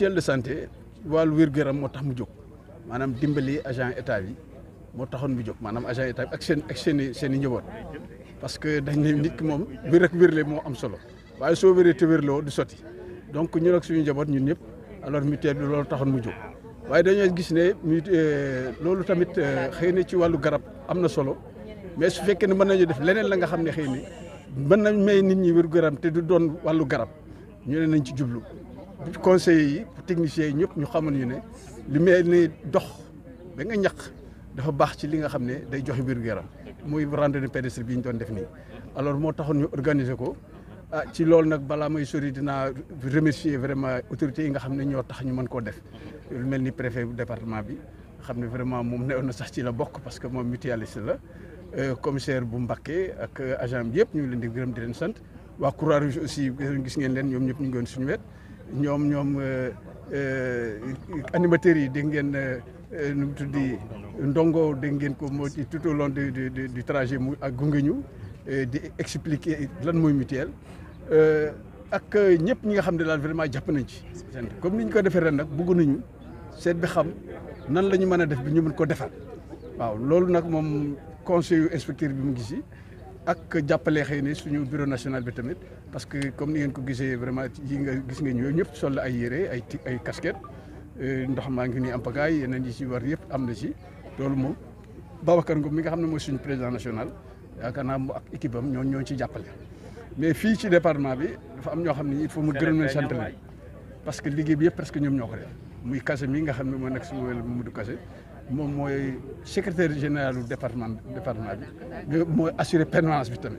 mutuelle de santé wàllu wér gu moo tax mu jóg maanaam dimbali agent état bi moo taxoon mu jóg maanaam agent état bi ak seen ak seen i seen i njaboot parce que dañ ne nit moom wér ak wérle moo am solo waaye soo wéree te wérloo di sotti donc ñun ak suñu njaboot ñun ñëpp alors mutuelle bi loolu taxoon mu jóg waaye dañoo gis ne mu euh, loolu tamit euh, xëy na ci wàllu garab am na solo mais su fekkee ne mën nañu def leneen la nga xam ne xëy na mën nañ may nit ñi wér-gu-yaram doon wàllu garab ñu ne nañ ci jublu conseillers yi techniciens yi ñëpp ñu xamoon ñu ne li mel ni dox ba nga ñaq dafa baax ci li nga xam ne day joxe wér gu yaram muy randonnée pédestre bi ñu doon def nii. alors moo taxoon ñu organiser ko ah ci loolu nag balaa may sori dinaa remercier vraiment autorités yi nga xam ne ñoo tax ñu mën koo def lu mel ni préfet bu bi xam ne vraiment moom newoon na sax ci la bokk parce que moom mutualiste la euh, commissaire bu Mbacké ak agent bi yëpp ñu ngi leen di gërëm di leen sant waa Croix-Rouge aussi gis leen ñoom ñëpp ñu ngi woon ñoom ñoom euh, euh, animateurs yi dégg ngeen euh, nu tuddi ndongo dégg ngeen ko moo ci tout au long du du du trajet mu ak gungeeñu di expliquer lan mooy mutuelle ak ñëpp ñi nga xam ne daal vraiment jàpp nañ ci. comme ni ñu ko defee ren nag buggu nañu seet bi xam nan lañu ñu mën a def bi ñu mën ko defar waaw loolu nag moom conseil inspecteur bi mu ngi si. ak jàppale xëy na suñu bureau national bi tamit parce que comme ni ngeen ko gisee vraiment yi nga gis ngeen ñëw ñëpp sol ay yére ay ay casquette euh, ndox maa ngi nii am pagaay yeneen yi si war yëpp am na ci loolu moom Babacar Ngom mi nga xam ne mooy suñu président national yaakaar naa mu ak équipe ñoo ñoo ci jàppale mais fii ci département bi dafa am ñoo xam ne il faut mu gërëm leen sant leen parce que liggéey bi ñoom ñoo ko def muy Kassé mi nga xam ne moo nekk si wàllu Mamadou Kassé moom mooy secrétaire général du département département bi mooy assurer permanence bi tamit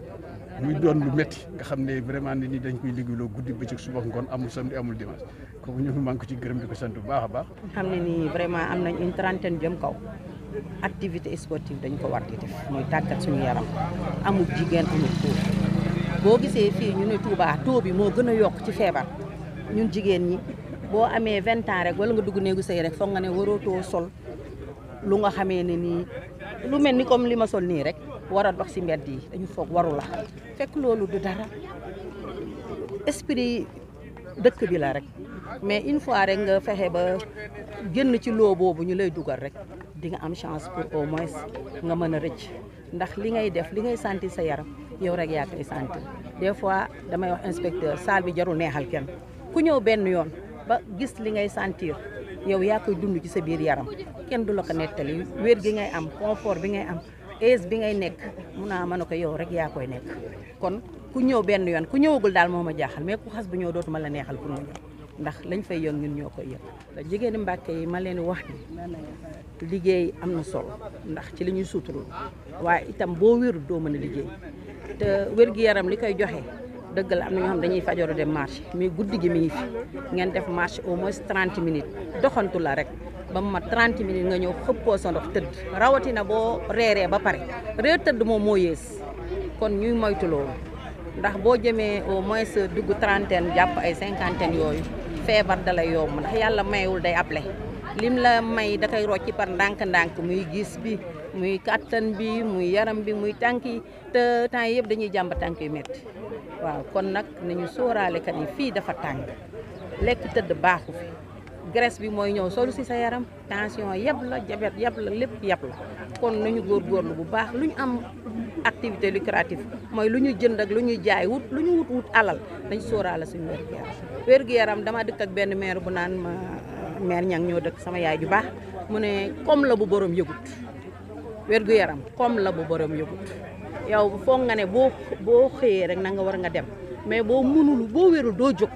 muy doon lu métti nga xam ne vraiment nit ñi dañ koy liggéeyloo guddi bëccëg suba ngoon amul samedi amul dimanche kooku ñu maa ngi ko ci gërëm di ko sant bu baax a baax. xam ne nii vraiment am nañ une trentaine jëm activité sportive dañ ko war di mooy tàggat suñu yaram amul jigéen amul boo gisee fii ñu ne Touba taux bi moo gën a yokk ci feebar ñun jigéen ñi boo amee vingt ans rek wala nga dugg néegu sëy rek foog nga ne waroo too sol. lu nga xamee ne nii lu mel ni comme li ma sol nii rek war a dox si mbedd yi dañu foog waru la fekk loolu du dara esprit dëkk bi la rek mais une fois rek nga fexe ba génn ci loo bu ñu lay dugal rek di nga am chance pour au moins nga mën a rëcc ndax li ngay def li ngay santi sa yaram yow rek yaa koy santi des fois damay wax inspecteur salle bi jarul neexal kenn ku ñëw benn yoon gis li ngay sentir yow yaa koy dund ci sa biir yaram kenn du la ko nettali wér gi ngay am confort bi ngay am aise bi ngay nekk mun naa mën a ko yow rek yaa koy nekk kon ku ñëw benn yoon ku ñëwagul daal moo ma jaaxal mais ku xas bu ñëw dootuma la neexal pour nga ñëw ndax lañ fay yoon ñun ñoo koy yëg jigéeni Mbàkke yi ma leen wax liggéey am na solo ndax ci li ñuy suuturul waaye itam boo wérul doo mën a liggéey te wér gi yaram li koy joxe dëgg la am na ñoo xam dañuy fajoru de marché mais guddi gi mi fi ngeen def marché au moins 30 minutes doxantu la rek ba mu ma 30 minutes nga ñëw xëppoo sa ndox tëdd rawatina boo reeree ba pare reer tëdd moom moo yées kon ñuy moytuloo ndax boo jëmee au moins dugg trentaine jàpp ay cinquantaine yooyu feebar da lay yomb ndax yàlla mayewul day appelé lim la may da koy rocci par ndànk-ndànk muy gis bi muy kàttan bi muy yaram bi muy tànk yi te temps yëpp dañuy jàmb tànk yu métti waaw kon nag nañu sóoraale kat yi fii dafa tàng lekk tëdd baaxu fi graisse bi mooy ñëw solu si sa yaram tension yab la jabet yab la lépp yab la kon nañu góorlu bu baax lu ñu am activité lucrative mooy lu ñu jënd ak lu ñuy jaay wut lu ñu wut wut alal dañ sóoraale suñu wérgu yaram wérgu yaram dama dëkk ak benn maire bu naan ma maire ñang ñoo dëkk sama yaay ju baax mu ne comme la bu borom yëgut wérgu yaram comme la bu borom yëgut yow foog nga ne boo boo xëyee rek nanga war nga dem mais boo mënul boo wérul doo jóg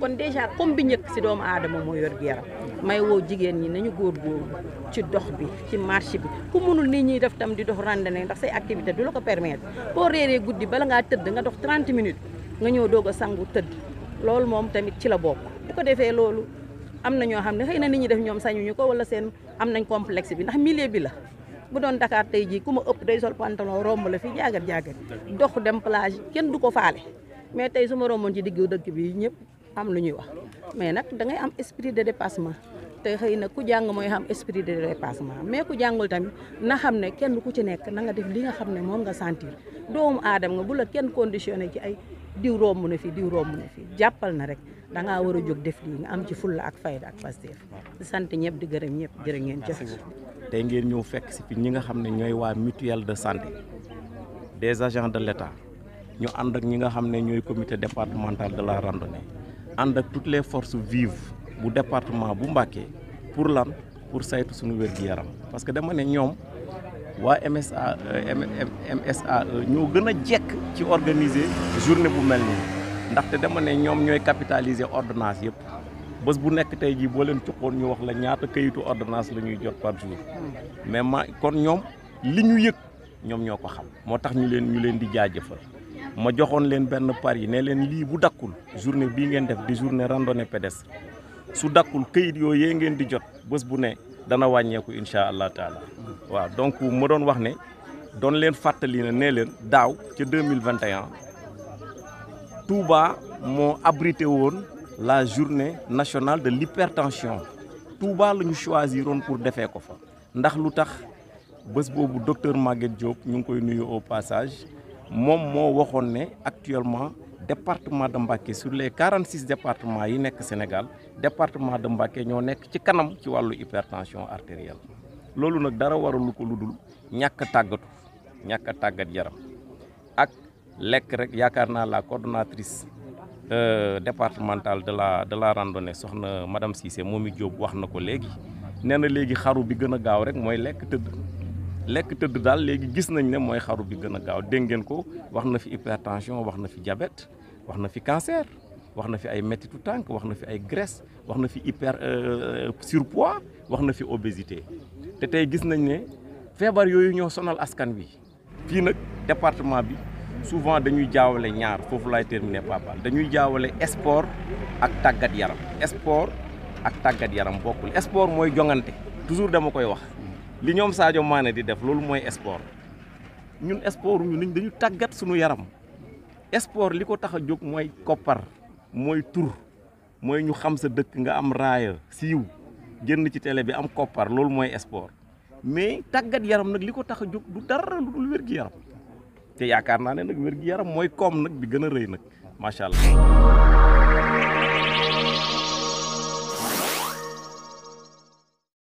kon déjà comme bi njëkk si doomu aadama moo yor gi yaram may woo jigéen ñi nañu góorgóorlu ci dox bi ci marché bi ku mënul nii ñuy def tam di dox randonnée ndax say activité du la ko permettre boo réeree guddi bala ngaa tëdd nga dox 30 minutes nga ñëw doog a tëdd loolu moom tamit ci la bokk bu ko defee loolu am na ñoo xam ne xëy na nit ñi def ñoom sañu ñu ko wala seen am nañ complexe bi ndax milieu bi la bu doon Dakar tey jii ku ma ëpp day sol pantalon romb la fi jaagat jaagat dox dem plage kenn du ko faale mais tey su ma romboon ci diggu dëkk bi ñëpp am lu ñuy wax mais nag da ngay am esprit de dépassement te xëy na ku jàng mooy xam esprit de dépassement mais ku jàngul tamit na xam ne kenn ku ci nekk na nga def li nga xam ne moom nga sentir doomu aadama nga bu la kenn ci ay diw romb na fi diw romb na rek da ngaa war a jóg def lii am ci fulla ak fayda ak pasteef di sant ñëpp di gërëm ñëpp jërë ngeen jëf tey ngeen ñëw fekk si fi ñi nga xam ne ñooy waa mutuelle de santé des agents de l'État ñu ànd ak ñi nga xam ne ñooy comité départemental de la randonnée ànd ak toutes les forces vives bu département bu Mbacké pour lan pour saytu suñu wér-gu-yaram parce que dama ne ñoom waa MSA euh, MSAE euh, ñoo gën a jekk ci organiser journée bu mel nii ndaxte dama ne ñoom ñooy capitaliser ordonnance yëpp bés bu nekk tey jii boo leen cuqoon ñu wax la ñaata kayitu ordonnance la ñuy jot par jour mais ma kon ñoom li ñu yëg ñoom ñoo ko xam moo tax ñu leen ñu leen di jaajëfal ma joxoon leen benn pari ne leen lii bu dakkul journée bii ngeen def di journée randonnée pédestre su dakkul kayit yooyu yee ngeen di jot bés bu ne dana wàññeeku incha allah taala waaw donc ma doon wax ne doon leen fàttali ne nee leen daaw ca 2021 Touba moo abrité woon la journée nationale de l'hypertension Touba la ñu choisiroon pour defee ko fa ndax lu tax bés boobu docteur Maguette Diop ñu ngi koy nuyu au passage moom moo waxoon ne actuellement département de Mbacké sur les 46 départements yi nekk Sénégal département de Mbacké ñoo nekk ci kanam ci wàllu hypertension artérielle loolu nag dara waralu ko lu dul ñàkk a tàggatu ñàkk a tàggat yaram ak lekk rek yaakaar naa la coordonnatrice Euh, départemental de la de la randonnée soxna madame Cissé Momi Diop wax na ko léegi nee na léegi xaru bi gën a gaaw rek mooy lekk tëdd lekk tëdd daal léegi gis nañ ne mooy xaru bi gën a gaaw dégg ngeen ko wax na fi hypertension wax na fi jabet wax na fi cancer wax na fi ay méttitu tànk wax na fi ay graisse wax na fi hyper euh, euh, surpoids wax na fi obésité te tey gis nañ ne feebar yooyu ñoo sonal askan wi fii nag département bi. souvent dañuy jaawale ñaar foofu laay terminer Papa dañuy jaawale sport ak tàggat yaram sport ak tàggat yaram bokkul sport mooy jongante toujours dama koy wax li ñoom Sadio maane di def loolu mooy sport ñun sport ñu dañu tàggat suñu yaram sport li ko tax a jóg mooy koppar mooy tur mooy ñu xam sa dëkk nga am raaya yiw génn ci télé bi am koppar loolu mooy sport mais tàggat yaram nag li ko tax a jóg du dara lu dul wér-gi-yaram te yaakaar naa ne nag wér yaram mooy koom nag bi gën a rëy nag macha allah.